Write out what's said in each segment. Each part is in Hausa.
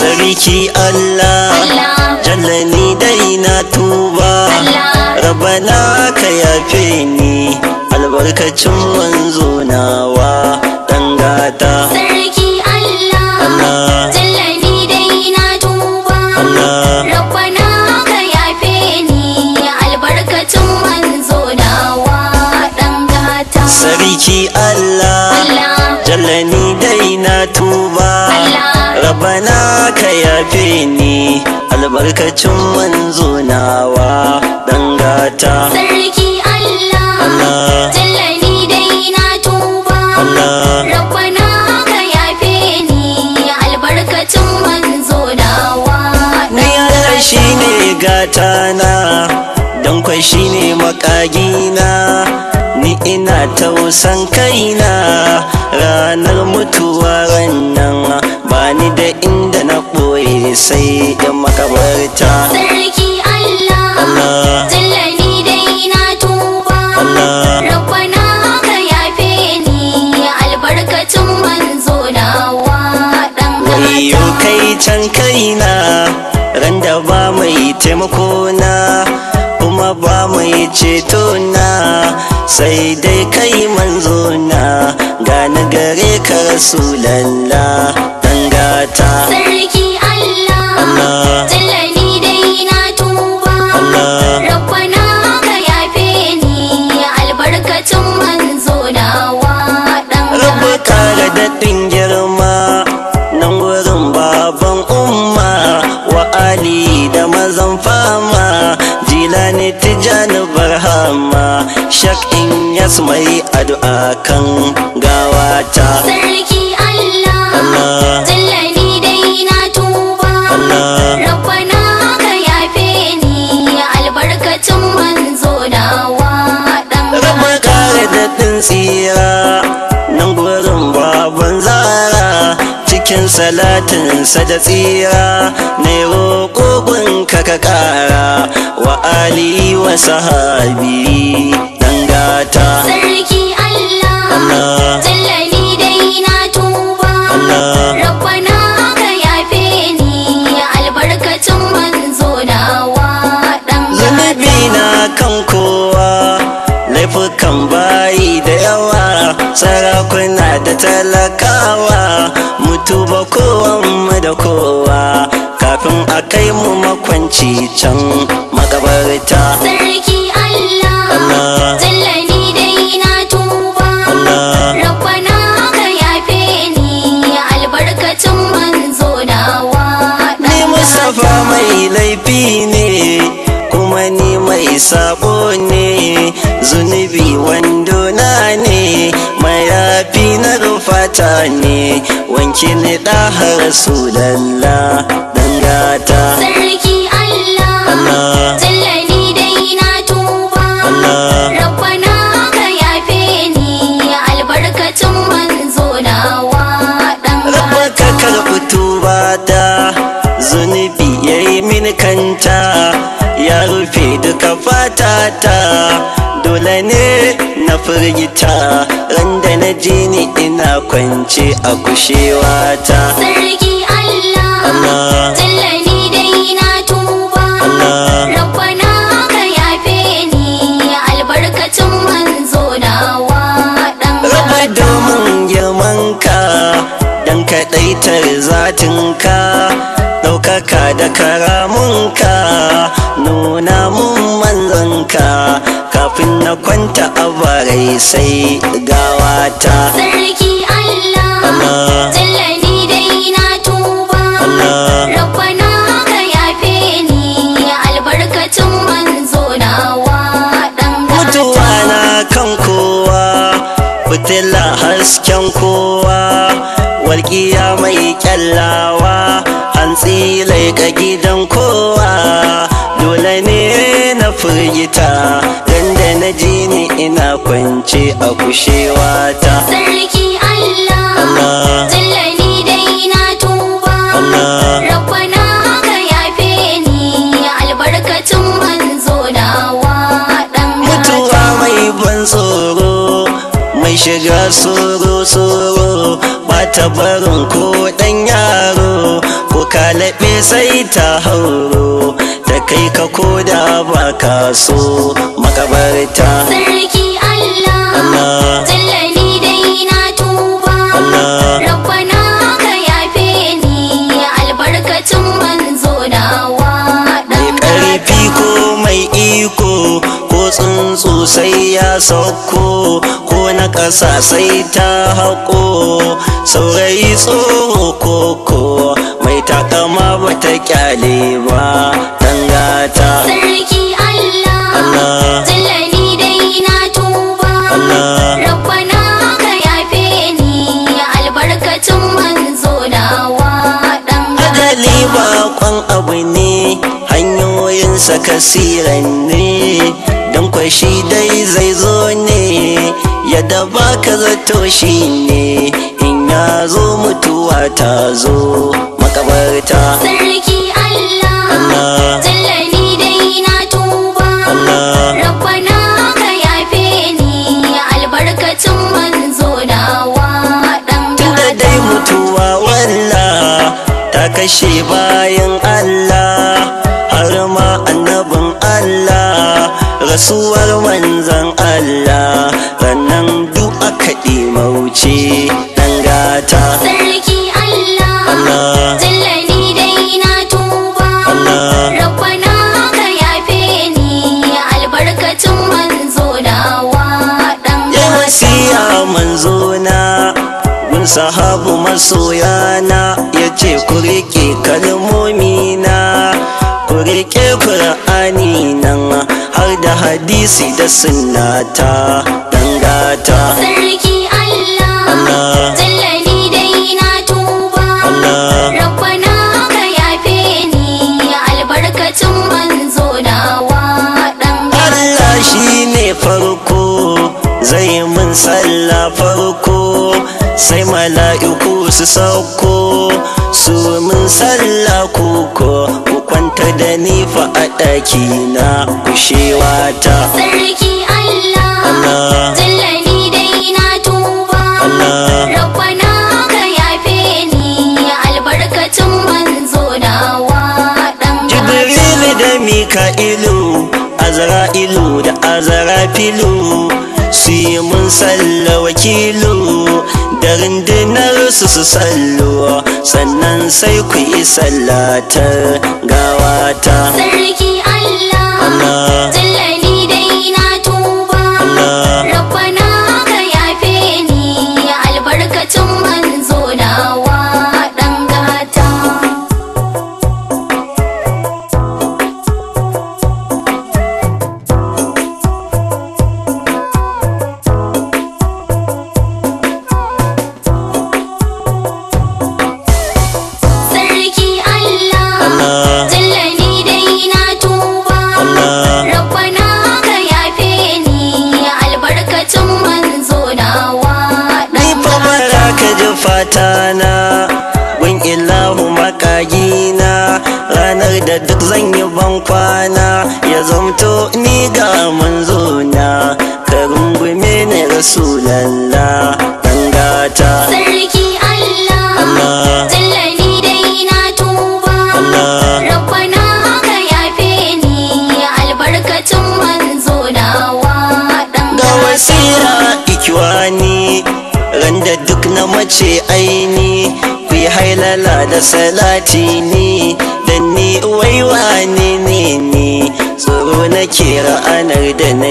sarki Allah jallani dai na tuba rabana ka yafe ni albarkacin manzo nawa dan gata sarki Allah jallani dai na tuba rabana ka yafe ni albarkacin manzo nawa dan gata sarki Allah jallani na ka yafe ni albarkacin manzo nawa dan gata sarki Allah Allah jallani dai na tuba Allah na ka yafe ni albarkacin manzo nawa ni Allah shine gata na dan kwai shine makagina ina tausan kaina ranar mutuwa rannan ba ni da inda na ɓoye sai da makabarta sarki Allah jallani dai na tuba rabbana ka yafe ni albarkacin manzo nawa dan kai can kaina ran da ba mai taimako ceto na sai dai kai manzo na gane gare ka rasulallah dan gata sarki Allah Allah su mai addu'a kan gawata sarki Allah Allah dai na tuba Allah rabbana ka yafe ni albarkacin manzo dawa dan rabba kare daɗin tsira nan gurin baban zara cikin salatin sa da tsira ne roƙo ka ka ƙara wa ali wa sahabi ta sarki Allah Allah jallani dai na tuba Allah rabbana ka yafe ni albarkacin manzo nawa dan zanabi na kan kowa laifukan bayi da yawa sarakuna da talakawa mutuba kowan mu da kowa kafin a kai mu makwanci can magabarta sabo ne zunubi wando na ne mai rafi na rufata ne wankin ni ɗahar su lalla dangata Tata dole ne na firgita randa na ji ni ina kwance a kushewa ta. sarki Allah Allah tallani dai tuba Allah rabbana ka yafe ni albarkacin manzo nawa dan raba domin girman ka dan kadaitar zatin ka ɗaukaka da karamunka nuna mun manzanka kafin na kwanta a barai sai gawata sarki Allah jallani dai na tuba rabbana ka yafe ni albarkacin manzo nawa dan mutuwa na kan kowa fitila hasken kowa walƙiya mai kyallawa hantsi laika gidan kowa dole ne na firgita don da na ji ni ina kwance a kushewa ta sarki Allah zallani dai na tuba rabbana haka yafe ni albarkacin manzo dawa dan mutuwa mai ban tsoro mai shiga tsoro tsoro ba ta barin ko dan yaro kalaɓe sai ta hauro da kai ka koda ba ka so makabarta sarki Allah Allah tallani dai na tuba Allah rabbana ka yafe ni albarkacin manzo dawa dan karfi ko mai iko ko tsuntsu sai ya sauko ko na ƙasa sai ta haƙo saurayi tsoro koko takama bata ta kyale ba dangata sarki Allah Allah tallafi dai na tuba Allah rabbana ka yafe ni albarkacin manzo dawa dan adali ba kwan abu ne hanyoyin saka kasiran ne dan kwashi dai zai zo ne ya baka zato shi ne in ya zo mutuwa ta zo makabarta sarki Allah Allah jallabi dai na tuba Allah rabbana ka yafe ni albarkacin manzo nawa dan da dai mutuwa wallah ta kashe bayan Allah har ma annabin Allah rasuwar wanzan Allah sannan duk aka ɗi mauce ɗan gata sahabu masoyana ya ce ku riƙe kalmomina ku riƙe ƙur'ani nan har da hadisi da sunnata dangata sarki Allah mala'iku su sauko su min sallah koko ku kwanta da ni a ɗaki na sarki Allah Allah tallani dai na tuba Allah rabbana ka yafe ni albarkacin manzo dawa dan Jibril da Mika'ilu Azra'ilu da Azrafilu su yi mun sallah wakilu da rundunar su su sallo sannan sai ku yi sallatar gawata sarki Allah Allah salati ne dan ni wai ne ne ne tsoro na kera anar da na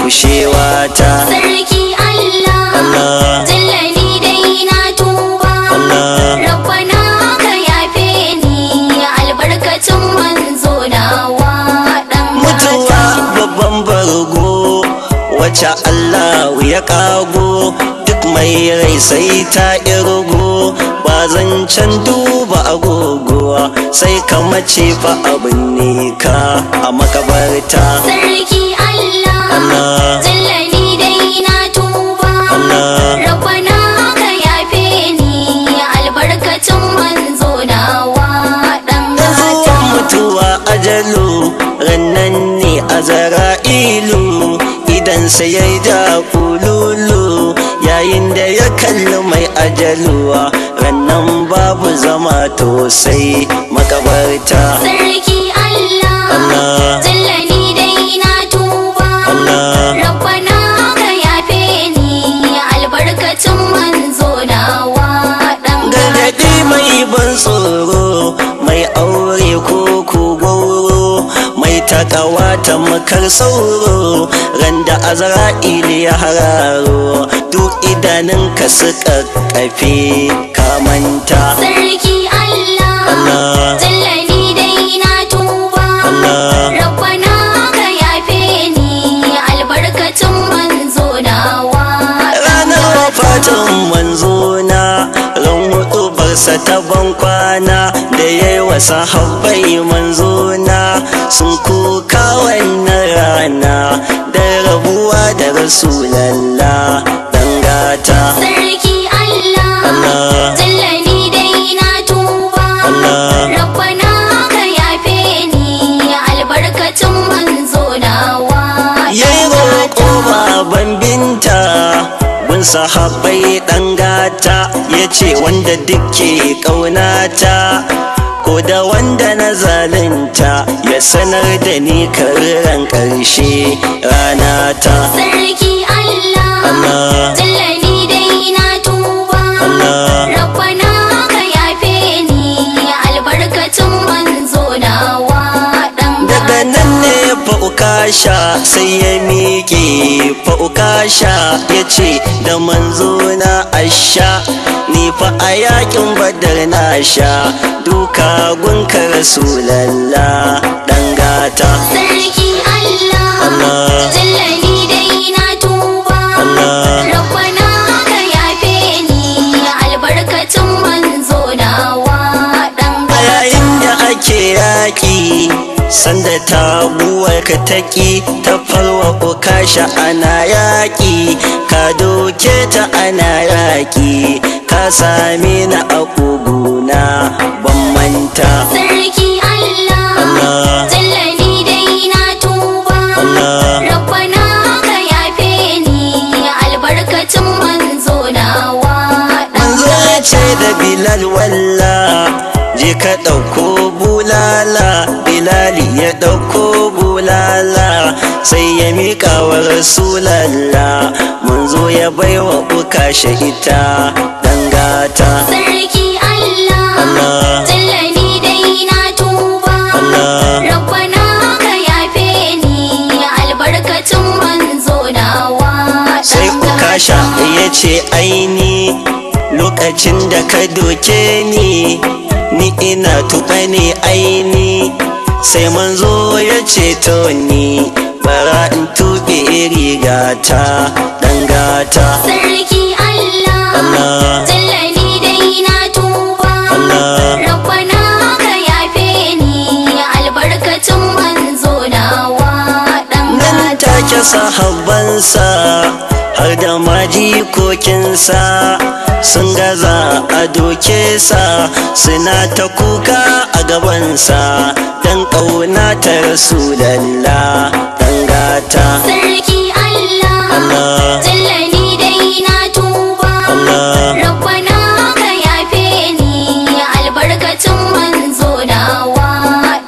kushewa ta sarki Allah Allah jallani dai na tuba Allah rabbana ka yafe ni albarkacin manzo dawa dan mutuwa babban bargo wacce Allah ya kago duk mai rai sai ta irgo zancen duba agogowa sai ka mace fa abin nika a makabarta sarki Allah Allah dai na tuba Allah rabbana ka yafe ni albarkacin manzo nawa dan gata mutuwa ajalu rannan ne azara'ilu idan sai ya da kululu yayin da ya ajaluwa rannan babu zama to sai makabarta sarki Allah Allah da dai na tuba Allah rabbana ka yafe ni albarkacin manzo nawa dan gargadi mai ban tsoro ta kawata makar sauro randa azra'il ya hararo duk idanunka su kakkafe kamanta sarki allah allah jallani dai na tuba rabbana ka yafe ni albarkacin manzo nawa ranar fatan manzo na ran hudu barsa ta bankwana da yayi wa sahabbai manzona sun kuka wannan rana da rabuwa da rasulallah gata. sarki Allah Allah jallani dai na tuba Allah rabbana ka yafe ni albarkacin manzo nawa yayi roƙo ban binta bun sahabbai dan gata ya ce wanda dukke ƙaunata ko da wanda na zalunta ya sanar da ni karran ƙarshe rana ta sarki Allah tallani dai na tuba Allah rabbana ka yafe ni albarkatun manzo nawa daga nan ne ukasha sai ya miƙe fa'ukasha ya ce da manzo na asha ni fa a yakin badar na na sha duka gunka rasulallah dan gata sarki Allah Allah zallabi dai na tuba Allah rabbana ka yafe ni albarkatun manzo nawa dan gata yayin da ake yaki sanda taguwar ka taƙi ta falwa okasha ana yaƙi ka doke ta ana yaƙi ka same ni a koguna ban manta sarki allah allah jallani dai na tuba allah rabbana ka yafe ni albarkacin manzo nawa manzo ce da bilal walla je ka ɗauko bulala bilali ya ɗauko bulala sai ya miƙa wa rasulalla mun zo ya baiwa buka ita dangata sarki allah tallani dai na tuba rabbana ka yafe ni albarkacin manzo nawa sai Ukasha yace aini lokacin da ka doke ni ni ina tuba ne aini sai manzo ya ceto ni bara in tuɓe rigata ɗan gata sarki Allah Allah jallani dai na tuba Allah rabbana ka yafe ni albarkacin manzo nawa ɗan gata nan take har da maji kokinsa sun gaza a doke sa suna ta kuka a gabansa dan ƙauna ta rasulalla dan gata sarki allah allah jallani dai na tuba allah rabbana ka yafe ni albarkacin manzo nawa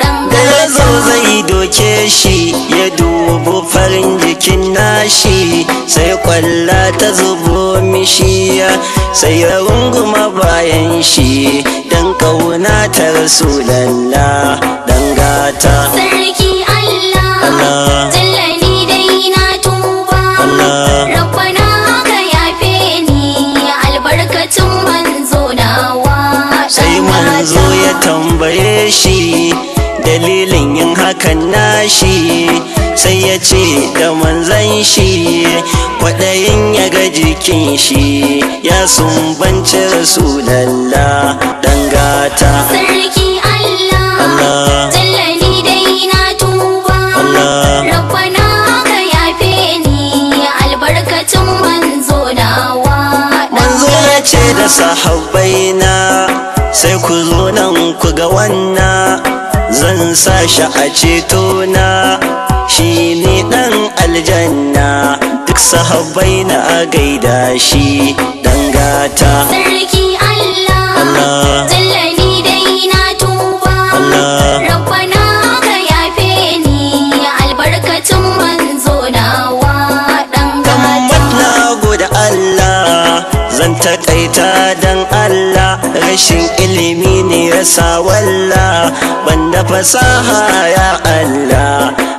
dan zo zai doke shi ya dubo farin jikin nashi sai kwalla ta zubo mishi sai ya runguma bayan shi dan kauna ta rasulalla dan gata sarki Allah Allah jallani dai na tuba Allah rabbana haka yafe ni albarkacin manzo nawa sai manzo ya tambaye shi dalilin Kannashi sai yace da manzan shi kwaɗayin ya ga jikin shi ya sumbanci rasulallah dan gata sarki Allah jallani dai na tuba rabbana ka yafe ni albarkacin manzo nawa manzo ya ce da sahabaina, sai ku zo nan ku ga wannan zan sa shi a ceto na shi ne dan aljanna duk sahabbai na gaida shi dan gata sarki Allah Allah jallani dai na tuba Allah rabbana ka yafe ni albarkatun manzo nawa dan gata na goda Allah zan taƙaita dan Allah rashin ilimi ne ya sa walla banda fasaha ya Allah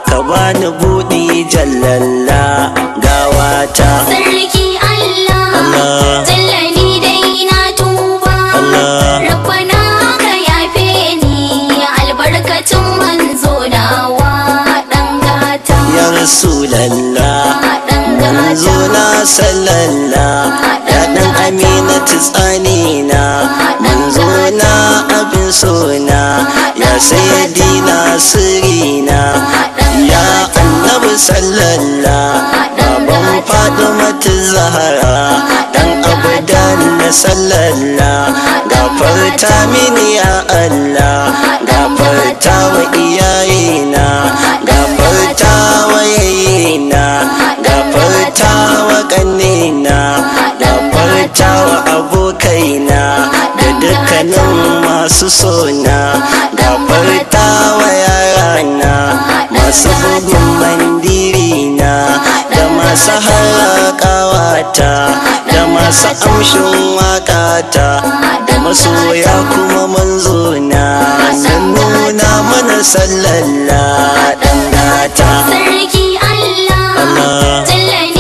ka bani buɗi jallalla gawata sarki Allah jallani dai na tuba Allah rabbana ka fe ni albarkacin manzo dawa dan gata ya rasulallah ah, manzo na sallallahu ah, ya dan aminatu tsanina ah, sona ya sayyadi nasirina ya annabi sallallah baban fatimatu zahara dan abudan na sallallah gafarta mini ya allah gafarta wa iyayena gafarta wa na gafarta wa ƙannena gafarta wa abokan ganin masu sona gafarta wa na masu bugun mandiri na da masu ta, da masu amshin wakata da masoya kuma manzo na nuna mana sallalla ɗan gata sarki Allah Allah